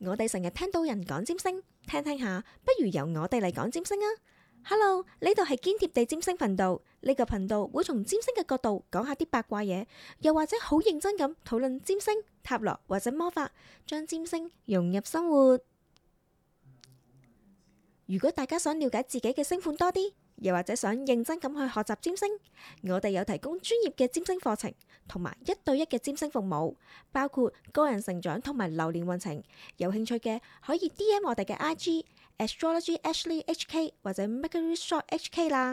我哋成日聽到人講占星，聽聽下，不如由我哋嚟講占星啊！Hello，呢度係堅貼地占星頻道，呢個頻道會從占星嘅角度講下啲八卦嘢，又或者好認真咁討論占星、塔羅或者魔法，將占星融入生活。如果大家想了解自己嘅星款多啲。又或者想認真咁去學習占星，我哋有提供專業嘅占星課程，同埋一對一嘅占星服務，包括個人成長同埋流年運程。有興趣嘅可以 DM 我哋嘅 IG Astrology Ashley HK 或者 Mercury Shop HK 啦。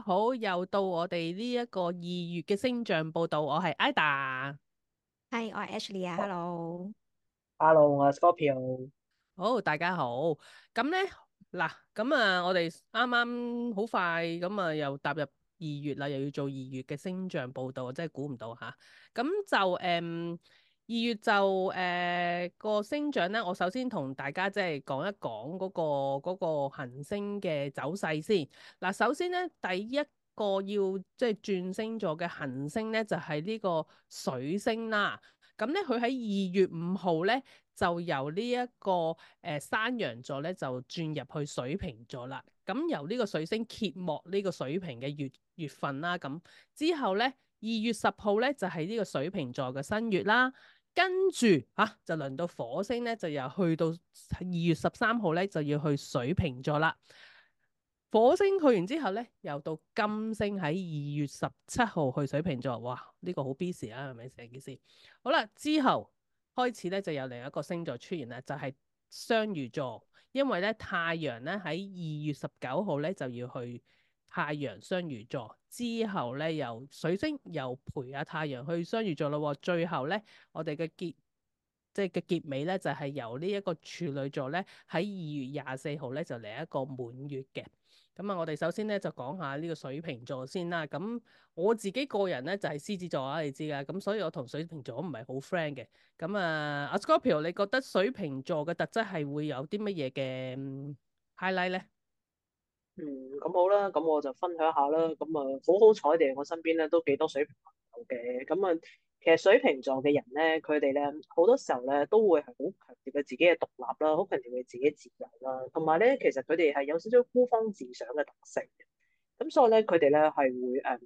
好，又到我哋呢一個二月嘅星象報道，我係 Ida，係我係 Ashley 啊，Hello，Hello，我係 Scorpio，好，大家好，咁咧嗱，咁啊，我哋啱啱好快咁啊，又踏入二月啦，又要做二月嘅星象報道，我真係估唔到吓，咁、啊、就誒。嗯二月就誒、呃那個星象咧，我首先同大家即係講一講嗰、嗰個嗰個行星嘅走勢先。嗱，首先咧，第一個要即係轉星座嘅行星咧，就係、是、呢個水星啦。咁、嗯、咧，佢喺二月五號咧就由呢一個誒山羊座咧就轉入去水瓶座啦。咁、嗯、由呢個水星揭幕呢個水瓶嘅月月份啦。咁、嗯、之後咧，二月十號咧就係、是、呢個水瓶座嘅新月啦。跟住啊，就輪到火星咧，就又去到二月十三號咧，就要去水瓶座啦。火星去完之後咧，又到金星喺二月十七號去水瓶座，哇！呢個好 busy 啊，係咪成件事？好啦，之後開始咧，就有另一個星座出現啦，就係雙魚座，因為咧太陽咧喺二月十九號咧就要去。太陽雙魚座之後咧，由水星又陪阿太陽去雙魚座咯。最後咧，我哋嘅結即係嘅結尾咧，就係由呢一個處女座咧喺二月廿四號咧就嚟一個滿月嘅。咁啊，我哋首先咧就講下呢個水瓶座先啦。咁我自己個人咧就係獅子座啊，你知㗎。咁所以我同水瓶座唔係好 friend 嘅。咁啊，阿 Scorpio，你覺得水瓶座嘅特質係會有啲乜嘢嘅 highlight 咧？嗯，咁好啦，咁我就分享下啦。咁啊，好好彩哋，我身邊咧都幾多水瓶朋友嘅。咁、嗯、啊，其實水瓶座嘅人咧，佢哋咧好多時候咧都會係好強調佢自己嘅獨立啦，好強調佢自己自由啦。同埋咧，其實佢哋係有少少孤芳自賞嘅特性。咁所以咧，佢哋咧係會誒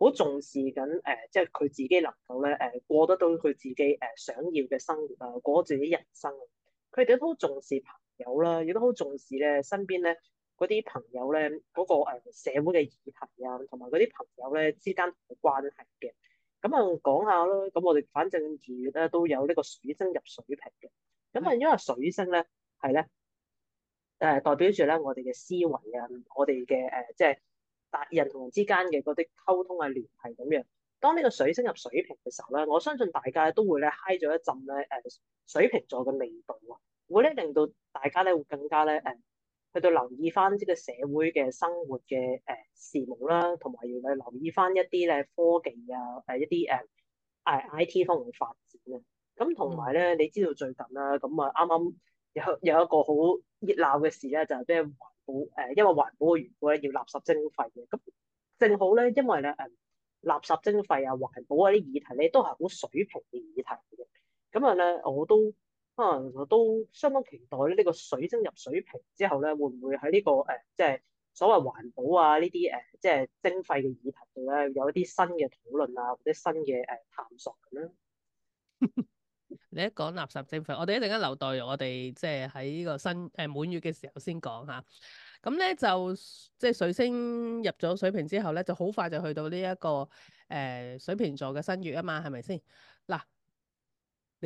好、嗯、重視緊誒，即係佢自己能夠咧誒過得到佢自己誒、呃、想要嘅生活啊，過自己人生。佢哋都好重視朋友啦，亦都好重視咧身邊咧。嗰啲朋友咧，嗰、嗰個、呃、社會嘅議題啊，同埋嗰啲朋友咧之間嘅關係嘅，咁啊講下啦。咁我哋反正二月咧都有呢個水星入水瓶嘅。咁啊，因為水星咧係咧誒代表住咧我哋嘅思維啊，我哋嘅誒即係人同人之間嘅嗰啲溝通嘅聯繫咁樣。當呢個水星入水瓶嘅時候咧，我相信大家都會咧嗨咗一陣咧誒水瓶座嘅味道啊，會咧令到大家咧會更加咧誒。呃去到留意翻呢個社會嘅生活嘅誒事務啦，同埋要留意翻一啲咧科技啊，誒一啲誒 IT 方面嘅發展啊。咁同埋咧，你知道最近啦，咁啊啱啱有有一個好熱鬧嘅事咧，就係、係、咩環保誒，因為環保嘅原因要垃圾徵費嘅。咁正好咧，因為咧誒垃圾徵費啊、環保啊啲議題咧都係好水平嘅議題嘅。咁啊咧，我都～可能、啊、我都相當期待咧，呢、呢個水星入水瓶之後咧，會唔會喺呢、呢個誒、呃，即係所謂環保啊呢啲誒，即係徵費嘅議題度咧，有一啲新嘅討論啊，或者新嘅誒、呃、探索咁啦。 你一講垃圾徵費，我哋一陣間留待我哋即係喺呢個新誒、呃、滿月嘅時候先講嚇。咁咧就即係水星入咗水瓶之後咧，就好快就去到呢、呢、一個誒、呃、水瓶座嘅新月啊嘛，係咪先？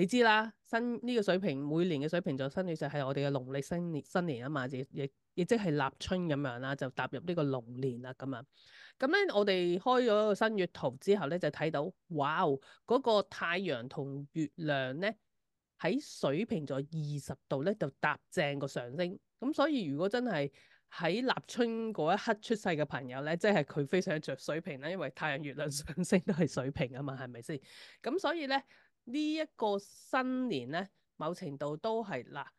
你知啦，新呢、這個水瓶每年嘅水瓶座新月就係我哋嘅農曆新年新年啊嘛，亦亦亦即係立春咁樣啦，就踏入呢個龍年啦咁啊。咁咧，我哋開咗個新月圖之後咧，就睇到哇，嗰、那個太陽同月亮咧喺水瓶座二十度咧，就搭正個上升。咁所以如果真係喺立春嗰一刻出世嘅朋友咧，即係佢非常着水瓶啦，因為太陽月亮上升都係水瓶啊嘛，係咪先？咁所以咧。呢一個新年咧，某程度都係啦，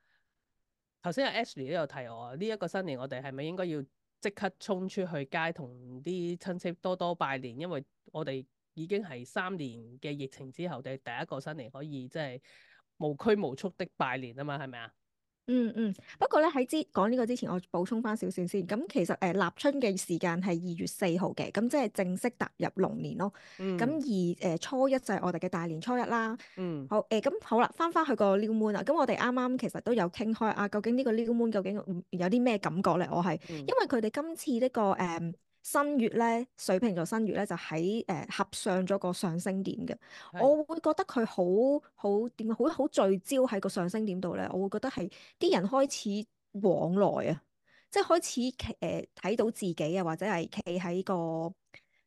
頭先阿 Ashley 都有提我，呢一個新年我哋係咪應該要即刻衝出去街同啲親戚多多拜年？因為我哋已經係三年嘅疫情之後，我哋第一個新年可以即係無拘無束的拜年啊嘛，係咪啊？嗯嗯，不過咧，喺之講呢個之前，我補充翻少少先。咁其實誒、呃、立春嘅時間係二月四號嘅，咁即係正式踏入龍年咯。咁、嗯、而誒、呃、初一就係我哋嘅大年初一啦。嗯，好誒、咁、呃、好啦，翻翻去個 New Moon 啊。咁我哋啱啱其實都有傾開啊，究竟呢個 New Moon 究竟有啲咩感覺咧？我係因為佢哋今次呢、這個誒。嗯嗯新月咧，水瓶座新月咧就喺誒、呃、合上咗個上升點嘅，我會覺得佢好好點好好聚焦喺個上升點度咧，我會覺得係啲人開始往內啊，即係開始企、呃、睇到自己啊，或者係企喺個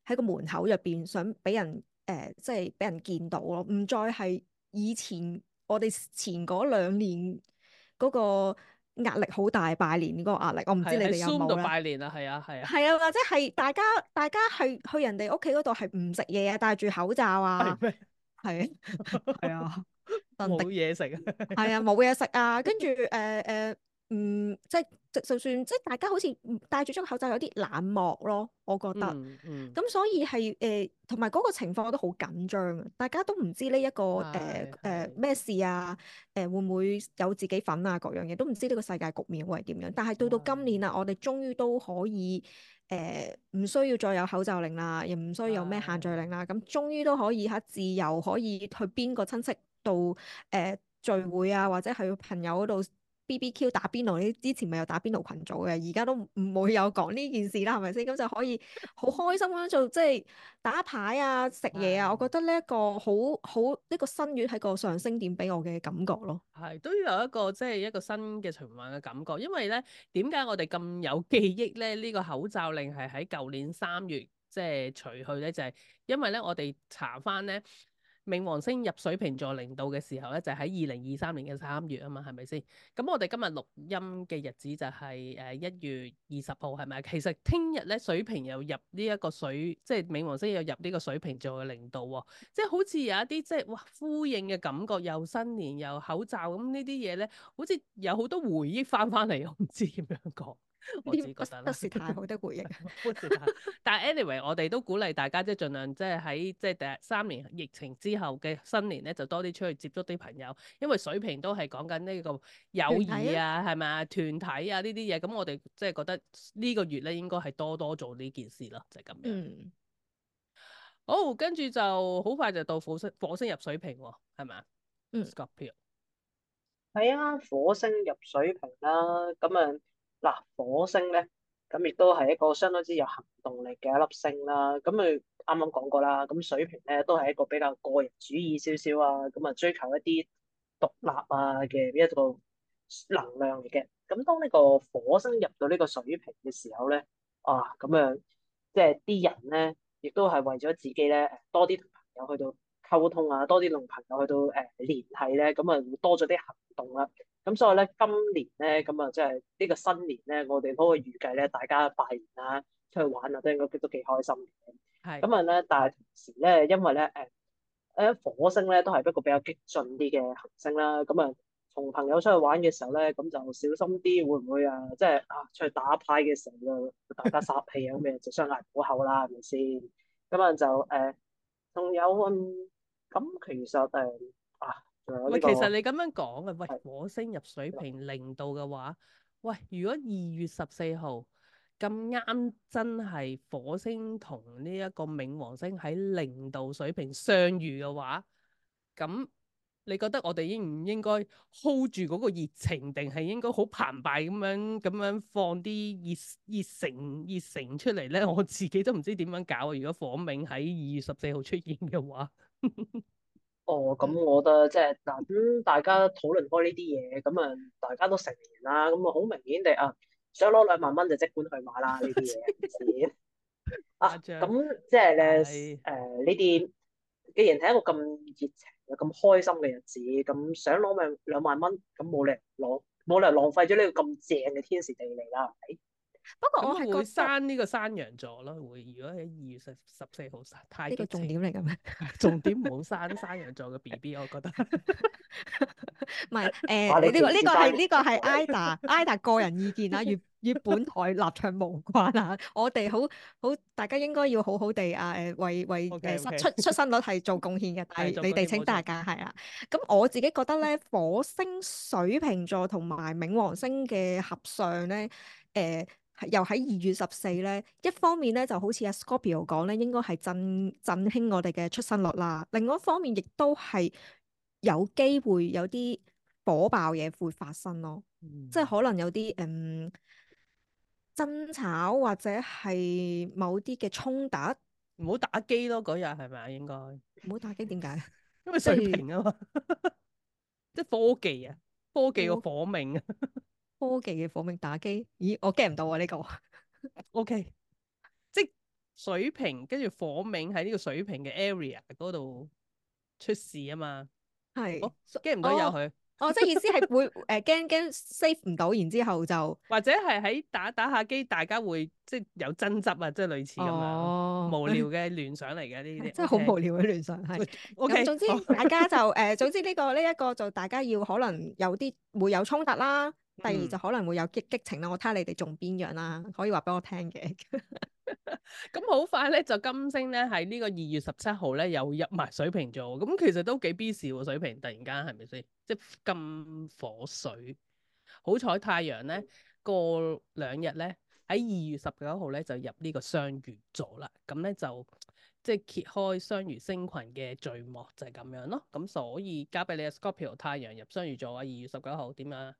喺個門口入邊想俾人誒、呃，即係俾人見到咯，唔再係以前我哋前嗰兩年嗰個。壓力好大，拜年呢個壓力，我唔知你哋有冇喺 Zoom 度拜年啊？係啊，係啊。係啊，或者係大家，大家去去人哋屋企嗰度係唔食嘢啊，戴住口罩啊，係，係啊，冇嘢食。係啊，冇嘢食啊，跟住誒誒。呃呃嗯，即係就算即係大家好似戴住張口罩有啲冷漠咯，我覺得。咁、嗯嗯、所以係誒，同埋嗰個情況我都好緊張啊！大家都唔知呢一、這個誒誒咩事啊，誒、呃、會唔會有自己份啊各樣嘢都唔知呢個世界局面會係點樣。但係到到今年啦、啊，是我哋終於都可以誒，唔、呃、需要再有口罩令啦，又唔需要有咩限聚令啦。咁終於都可以嚇自由，可以去邊個親戚度誒、呃、聚會啊，或者去朋友度。B B Q 打邊爐呢？之前咪有打邊爐群組嘅，而家都唔會有講呢件事啦，係咪先？咁就可以好開心咁做，即係打牌啊、食嘢啊。我覺得呢一個好好呢個新月係個上升點，俾我嘅感覺咯。係都要有一個即係、就是、一個新嘅循環嘅感覺，因為咧，點解我哋咁有記憶咧？呢、這個口罩令係喺舊年三月即係、就是、除去咧，就係、是、因為咧，我哋查翻咧。冥王星入水瓶座零度嘅時候咧，就喺二零二三年嘅三月啊嘛，係咪先？咁我哋今日錄音嘅日子就係誒一月二十號，係咪？其實聽日咧，水瓶又入呢一個水，即係冥王星又入呢個水瓶座嘅零度喎、哦，即係好似有一啲即係哇呼應嘅感覺，又新年又口罩咁呢啲嘢咧，好似有好多回憶翻翻嚟，我唔知點樣講。我自己覺得啦，是 太好的回應 不。但係 anyway，我哋都鼓勵大家即係盡量即係喺即係第三年疫情之後嘅新年咧，就多啲出去接觸啲朋友，因為水瓶都係講緊呢個友誼啊，係咪團體啊呢啲嘢。咁、啊、我哋即係覺得呢個月咧，應該係多多做呢件事咯，就係咁樣。嗯。好，跟住就好快就到火星火星入水瓶係咪？嗯，Scorpio 啊。係啊，火星入水瓶啦，咁啊。嗱火星咧，咁亦都係一個相當之有行動力嘅一粒星啦。咁佢啱啱講過啦。咁水瓶咧，都係一個比較個人主義少少啊。咁、嗯、啊，追求一啲獨立啊嘅一個能量嚟嘅。咁、嗯、當呢個火星入到呢個水瓶嘅時候咧，啊，咁啊，即係啲人咧，亦都係為咗自己咧，多啲同朋友去到溝通啊，多啲同朋友去到誒聯、呃、繫咧，咁啊會多咗啲行動啦。咁所以咧，今年咧，咁啊即係呢個新年咧，我哋都可以預計咧，大家拜年啊，出去玩啊，都應該都幾開心嘅。係咁啊，咧、嗯、但係同時咧，因為咧誒誒火星咧都係一個比較激進啲嘅行星啦。咁、嗯、啊，同朋友出去玩嘅時候咧，咁就小心啲，會唔會啊？即係啊，出去打牌嘅時候就大家殺氣啊咩 就相嗌好口啦，係咪先？咁啊就誒，仲、呃、有咁、嗯、其實誒啊、這個實，喂，其實你咁樣講啊，喂，火星入水瓶零度嘅話，喂，如果二月十四號咁啱真係火星同呢一個冥王星喺零度水瓶相遇嘅話，咁你覺得我哋應唔應該 hold 住嗰個熱情，定係應該好澎湃咁樣咁樣放啲熱熱誠熱誠出嚟咧？我自己都唔知點樣搞啊！如果火冥喺二月十四號出現嘅話。 哦，咁我覺得即係等大家討論開呢啲嘢，咁啊大家都成年啦，咁啊好明顯地啊，想攞兩萬蚊就即管去買啦呢啲嘢。啊，咁即係咧誒呢啲，是呃、既然係一個咁熱情、咁開心嘅日子，咁想攞咪兩萬蚊，咁冇理由攞，冇理由浪費咗呢個咁正嘅天時地利啦，係咪？不過我會生呢個山羊座咯，會如果喺二月十十四號生，太多。呢個重點嚟嘅咩？重點唔好生山羊座嘅 B B，我覺得。唔係，誒，呢個呢個係呢個係 Ida Ida 個人意見啦，與與本台立場無關啊。我哋好好大家應該要好好地啊，為為誒出出生率係做貢獻嘅，但係你哋請大家架係啦。咁我自己覺得咧，火星水瓶座同埋冥王星嘅合相咧，誒。又喺二月十四咧，一方面咧就好似阿 Scorpio 講咧，應該係振振興我哋嘅出生率啦。另外一方面，亦都係有機會有啲火爆嘢會發生咯，嗯、即係可能有啲誒、嗯、爭吵或者係某啲嘅衝突。唔好打機咯，嗰日係咪啊？應該唔好打機，點解？因為水瓶啊嘛， 即係科技啊，科技個火命啊。 科技嘅火命打機，咦？我驚唔到啊呢個，OK，即水瓶跟住火命喺呢個水瓶嘅 area 嗰度出事啊嘛，係驚唔到有佢，哦，即意思係會誒驚驚 save 唔到，然之後就或者係喺打打下機，大家會即有爭執啊，即類似咁樣，無聊嘅聯想嚟嘅呢啲，即係好無聊嘅聯想係，OK 總之大家就誒，總之呢個呢一個就大家要可能有啲會有衝突啦。嗯、第二就可能會有激激情啦。我睇下你哋仲邊樣啦、啊，可以話俾我聽嘅。咁 好 快咧，就金星咧，喺呢個二月十七號咧，又入埋水瓶座咁，其實都幾 B 事喎。水瓶突然間係咪先即咁火水？好彩太陽咧，過兩日咧喺二月十九號咧就入呢個雙魚座啦。咁咧就即揭開雙魚星群嘅序幕，就係咁樣咯。咁所以交俾你嘅 Scorpio 太陽入雙魚座啊，二月十九號點啊？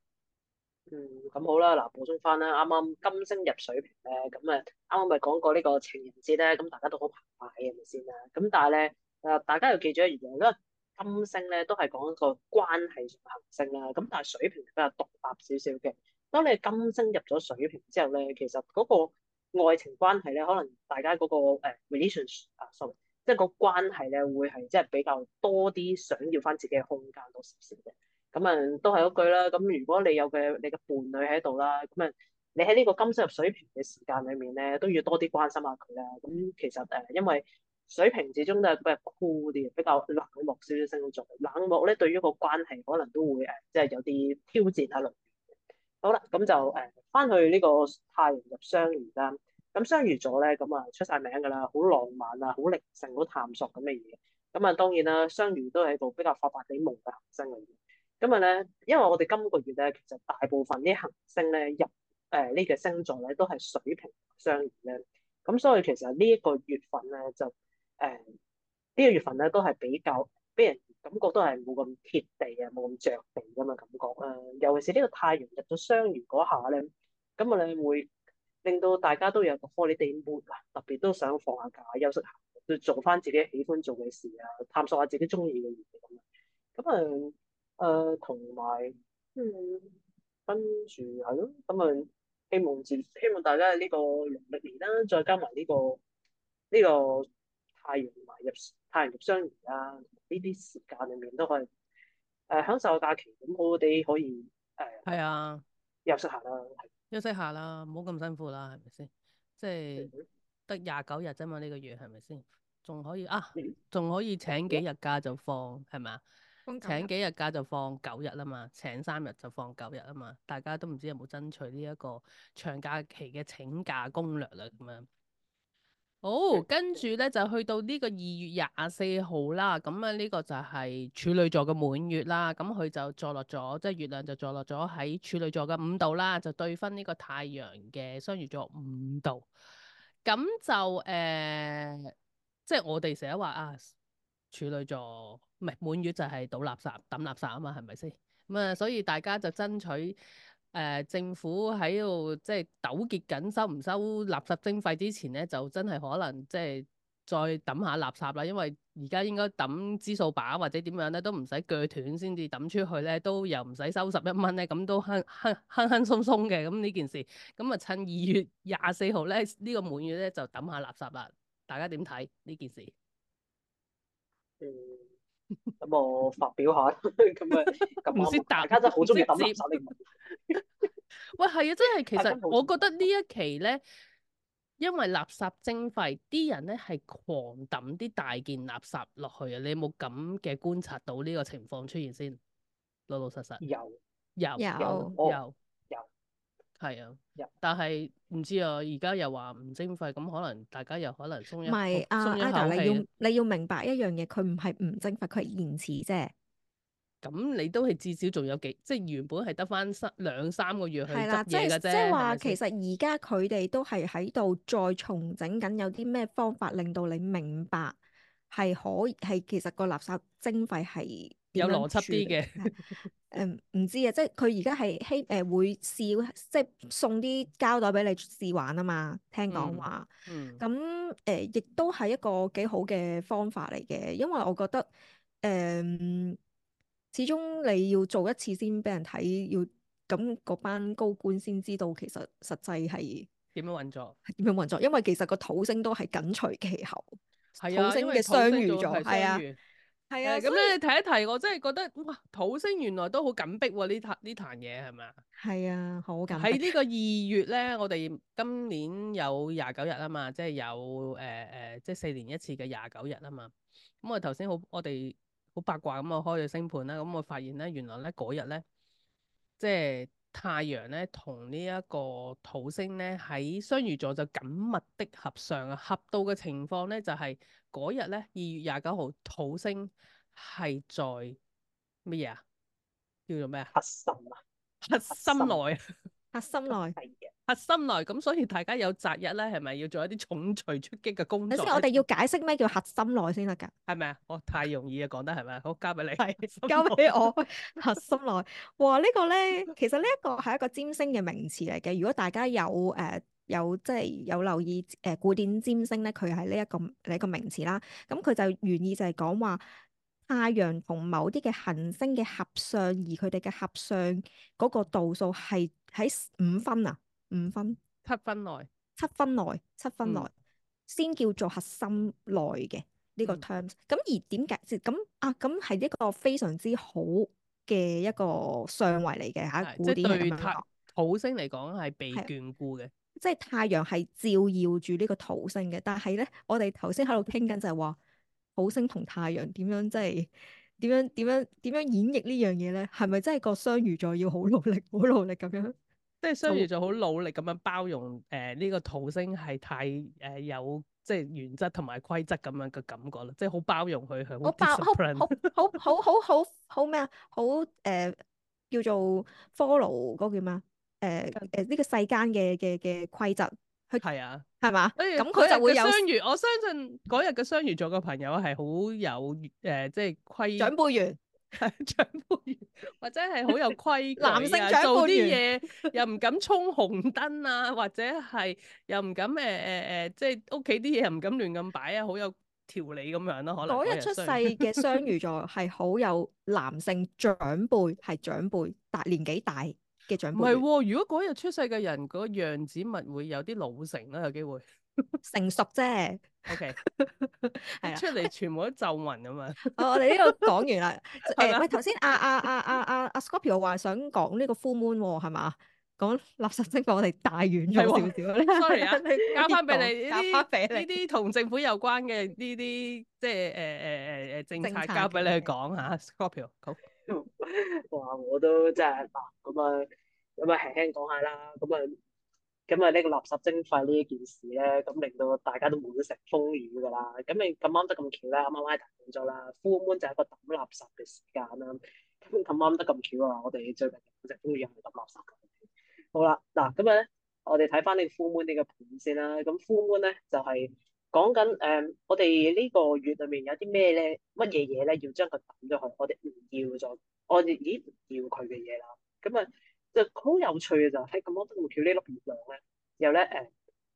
嗯，咁好啦，嗱，補充翻啦，啱啱金星入水瓶咧，咁啊，啱啱咪講過呢個情人節咧，咁大家都好澎湃，係咪先啦？咁但係咧，誒，大家要記住一樣咧，金星咧都係講一個關係上嘅行星啦，咁但係水瓶比較獨立少少嘅。當你金星入咗水瓶之後咧，其實嗰個愛情關係咧，可能大家嗰個誒 relations 啊，sorry，即係個關係咧，會係即係比較多啲，想要翻自己嘅空間多少少嘅。咁啊，都係嗰句啦。咁如果你有嘅你嘅伴侶喺度啦，咁啊，你喺呢個金星入水瓶嘅時間裏面咧，都要多啲關心下佢啦。咁其實誒、呃，因為水瓶始終都係比較酷啲，比較冷漠少少星座。冷漠咧，對於個關係可能都會誒、呃，即係有啲挑戰喺裏面。好啦，咁就誒翻去呢個太陽入雙魚啦。咁雙魚座咧，咁啊出晒名㗎啦，好浪漫啊，好靈性，好探索咁嘅嘢。咁啊，當然啦，雙魚都係個比較發白日夢嘅行星嚟嘅。今日咧，因為我哋今個月咧，其實大部分啲行星咧入誒呢、呃這個星座咧都係水瓶雙魚咧，咁所以其實呢一個月份咧就誒呢、呃這個月份咧都係比較俾人感覺都係冇咁貼地啊，冇咁着地噶嘛感覺啊、呃，尤其是呢個太陽入咗雙魚嗰下咧，咁啊咧會令到大家都有個 holiday mood 啊，特別都想放下假休息下，做翻自己喜歡做嘅事啊，探索下自己中意嘅嘢咁啊。誒，同埋、呃，嗯，跟住係咯，咁、嗯、啊，希望自希望大家喺呢個農曆年啦，的再加埋呢、這個呢、這個太陽埋入太陽入雙魚啊，呢啲時間裏面都可以誒、呃，享受假期，咁我哋可以誒，係啊，休息下啦，休息下啦，唔好咁辛苦啦，係咪先？即係得廿九日啫嘛，呢個月係咪先？仲可以啊，仲可以請幾日假就放，係嘛？請幾日假就放九日啦嘛，請三日就放九日啊嘛，大家都唔知有冇爭取呢一個長假期嘅請假攻略啦咁樣。好，跟住咧就去到呢個二月廿四號啦，咁啊呢個就係處女座嘅滿月啦，咁佢就坐落咗，即係月亮就坐落咗喺處女座嘅五度啦，就對分呢個太陽嘅雙魚座五度。咁就誒，即係我哋成日話啊，處女座。唔係滿月就係倒垃圾抌垃圾啊嘛，係咪先？咁啊，所以大家就爭取誒、呃、政府喺度即係糾結緊收唔收垃圾徵費之前咧，就真係可能即係再抌下垃圾啦。因為而家應該抌支數把，或者點樣咧，都唔使鋸斷先至抌出去咧，都又唔使收十一蚊咧，咁都輕輕輕輕鬆鬆嘅咁呢件事。咁啊，趁二月廿四號咧，呢個滿月咧就抌下垃圾啦。大家點睇呢件事？嗯咁 我發表下，咁樣咁，大家真係好中意抌垃圾。 喂，係啊，真係，其實我覺得呢一期咧，因為垃圾徵費，啲人咧係狂抌啲大件垃圾落去啊！你有冇咁嘅觀察到呢個情況出現先？老老實實有有有。係啊，但係唔知啊，而家又話唔徵費，咁可能大家又可能鬆一，唔係，鬆是一口氣。啊、Ida, 你要你要明白一樣嘢，佢唔係唔徵費，佢係延遲啫。咁你都係至少仲有幾，即係原本係得翻三兩三個月去執嘢啫。即係話嗎其實而家佢哋都係喺度再重整緊，有啲咩方法令到你明白係可以係，其實個垃圾徵費係。有邏輯啲嘅、 嗯，誒唔知啊，即係佢而家係希誒會試即係送啲膠袋俾你試玩啊嘛，聽講話嗯。嗯。咁誒、呃、亦都係一個幾好嘅方法嚟嘅，因為我覺得誒、呃、始終你要做一次先俾人睇，要咁嗰班高官先知道其實實際係點樣運作，點樣運作，因為其實個土星都係緊隨其後，啊、土星嘅雙魚座，係啊。係啊，咁咧、嗯、所以你提一提，我真係覺得哇，土星原來都好緊迫喎，呢壇呢壇嘢係咪啊？係啊，好緊迫。喺呢個二月咧，我哋今年有廿九日啊嘛，即係有誒誒、呃，即係四年一次嘅廿九日啊嘛。咁、嗯、我頭先好，我哋好八卦咁，我開咗星盤啦。咁我發現咧，原來咧嗰日咧，即係。太陽咧同呢一個土星咧喺雙魚座就緊密的合上啊，合到嘅情況咧就係嗰日咧二月廿九號，土星係在乜嘢啊？叫做咩啊？核心啊，核心內，核心內。核心內咁，所以大家有擇日咧，係咪要做一啲重錘出擊嘅工作？首先，我哋要解釋咩叫核心內先得㗎，係咪啊？我、oh, 太容易啊，講 得係咪？好，交俾你，交俾 我。 核心內，哇，這個、呢個咧，其實呢一個係一個占星嘅名詞嚟嘅。如果大家有誒、呃、有即係有留意誒古典占星咧，佢係呢一個呢一、這個名詞啦。咁佢就原意就係講話太陽同某啲嘅行星嘅合相，而佢哋嘅合相嗰個度數係喺五分啊。五分七分內，七分內，七分內先叫做核心內嘅呢個 terms。咁、嗯、而點解？咁啊，咁係一個非常之好嘅一個上位嚟嘅吓。古典對太土星嚟講係被眷顧嘅，即係太陽係照耀住呢個土星嘅。嗯、但係咧，我哋頭先喺度傾緊就係話土星同太陽點樣，即係點樣點樣點樣演繹呢樣嘢咧？係咪真係個雙魚座要好努力，好努力咁樣？即係雙魚座好努力咁樣包容，誒、呃、呢、這個土星係太誒、呃、有即係原則同埋規則咁樣嘅感覺啦，即係好包容佢係。我包很 好好好好好好咩啊？好誒、呃、叫做 follow 嗰個叫咩啊？誒誒，呢個世間嘅嘅嘅規則。係啊，係嘛吧？咁佢就會有。雙魚，我相信嗰日嘅雙魚座嘅朋友係好有誒、呃，即係規。長輩員。係 長輩，或者係好有規矩，男性長輩，做啲嘢又唔敢衝紅燈啊，或者係又唔敢誒誒誒，即係屋企啲嘢又唔敢亂咁擺啊，好有條理咁樣咯。可能嗰日、啊、出世嘅雙魚座係好有男性長輩，係 長輩，但年紀大嘅長輩。唔係，如果嗰日出世嘅人，嗰樣子咪會有啲老成啦、啊，有機會。成熟啫，OK，係啦，出嚟全部都皺紋咁啊！我我哋呢度講完啦，誒喂，頭先阿阿阿阿阿 Scorpio 話想講呢個 full moon 係嘛，講垃圾徵費我哋大遠咗少少咧，sorry 啊，交翻俾你呢啲同政府有關嘅呢啲即係誒誒誒誒政策，交俾你去講吓，Scorpio 好，哇我都真係嗱咁啊咁啊輕輕講下啦，咁啊。咁啊，呢個垃圾徵費呢一件事咧，咁令到大家都滿城風雨噶啦。咁你咁啱得咁巧啦，啱啱拉大咗啦。呼 u 就係一個抌垃圾嘅時間啦。咁咁啱得咁巧啊，我哋最近滿城風雨去抌垃圾。好啦，嗱，咁啊，我哋睇翻呢 f u l 呢個盤先啦。咁呼 u l 咧就係講緊誒，我哋呢個月裡面有啲咩咧，乜嘢嘢咧，要將佢抌咗去，我哋唔要咗，我哋咦唔要佢嘅嘢啦。咁啊～就好有趣嘅就喺、是、咁多度跳呢粒月亮咧，又後咧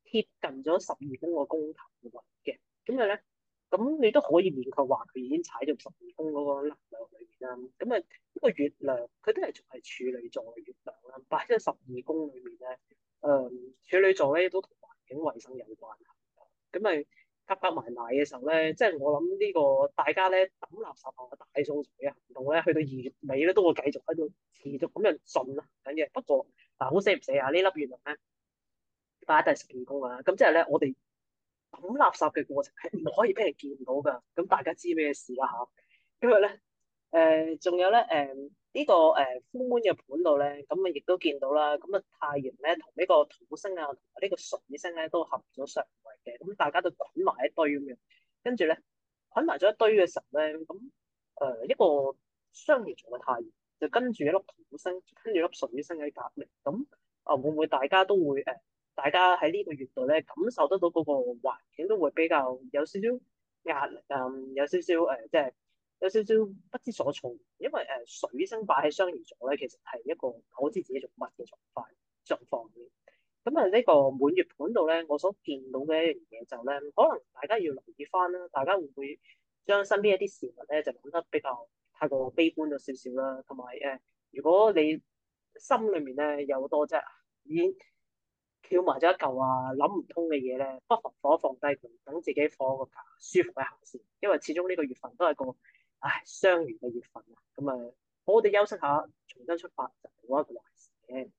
誒貼近咗十二宮個宮頭嘅位，咁咪咧，咁你都可以勉強話佢已經踩中十二宮嗰個能量裏面啦。咁啊，呢個月亮佢都係仲係處女座嘅月亮啦，擺咗十二宮裏面咧，誒、呃、處女座咧都同環境衞生有關嘅，咁咪。吸吸埋奶嘅時候咧，即係我諗呢個大家咧，抌垃圾啊、大掃除嘅行動咧，去到二月尾咧都會繼續喺度持續咁樣進啦，咁嘅不過嗱，好死唔死啊呢粒月亮咧，而家都係成功啊！咁即係咧，我哋抌垃圾嘅過程係唔可以俾人見到㗎，咁大家知咩事啦、啊、吓，今日咧，誒、呃、仲有咧誒。嗯這個呃、風呢個誒枯嘅盤度咧，咁啊亦都見到啦。咁啊太陽咧同呢個土星啊同埋呢個水星咧都合咗上位嘅，咁、嗯、大家都捆埋一堆咁樣、嗯這個。跟住咧捆埋咗一堆嘅時候咧，咁誒一個雙魚座嘅太陽就跟住一粒土星跟住粒水星喺隔籬。咁、嗯、啊、嗯、會唔會大家都會誒、呃？大家喺呢個月度咧感受得到嗰個環境都會比較有少少壓力啊、嗯，有少少誒、呃、即係～有少少不知所措，因為誒、呃、水星擺喺雙魚座咧，其實係一個我知自己做乜嘅狀況狀況咁啊，個滿呢個滿月盤度咧，我所見到嘅一樣嘢就咧、是，可能大家要留意返啦。大家會唔會將身邊一啲事物咧就諗得比較太過悲觀咗少少啦？同埋誒，如果你心裏面咧有多隻已經翹埋咗一嚿啊，諗唔通嘅嘢咧，不妨可放低佢，等自己放個舒服一下先，因為始終呢個月份都係個。唉，雙魚嘅月份啊，咁啊，我哋休息下，重新出發就冇一個壞事。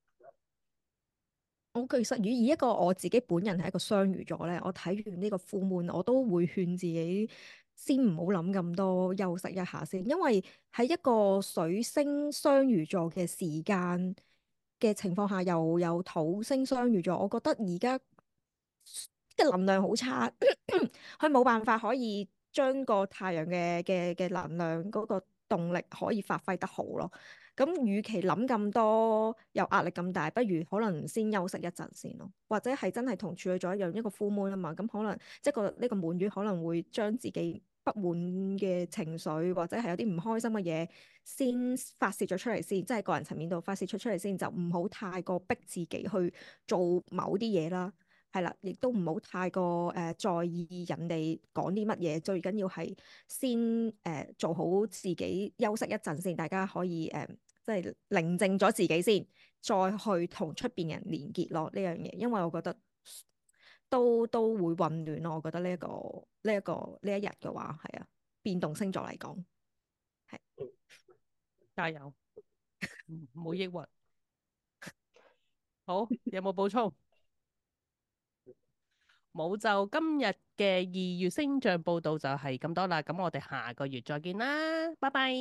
我其實以一個我自己本人係一個雙魚座咧，我睇完呢個富滿，我都會勸自己先唔好諗咁多，休息一下先。因為喺一個水星雙魚座嘅時間嘅情況下，又有土星雙魚座，我覺得而家嘅能量好差，佢冇 辦法可以。將個太陽嘅嘅嘅能量嗰個動力可以發揮得好咯。咁，與其諗咁多又壓力咁大，不如可能先休息一陣先咯。或者係真係同處女座一樣一個 full moon 啊嘛。咁可能即係個呢個滿月可能會將自己不滿嘅情緒或者係有啲唔開心嘅嘢先發泄咗出嚟先，即係個人層面度發泄咗出嚟先，就唔好太過逼自己去做某啲嘢啦。係啦，亦都唔好太過誒在意人哋講啲乜嘢，最緊要係先誒、呃、做好自己，休息一陣先，大家可以誒、呃、即係寧靜咗自己先，再去同出邊人連結咯呢樣嘢，因為我覺得都都會混亂咯。我覺得呢、這個這個、一個呢一個呢一日嘅話，係啊，變動星座嚟講，係加油，唔好 抑鬱，好，有冇補充？ 冇就今日嘅二月星象報道就係咁多啦，咁我哋下個月再見啦，拜拜，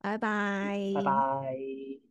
拜拜，拜拜。拜拜。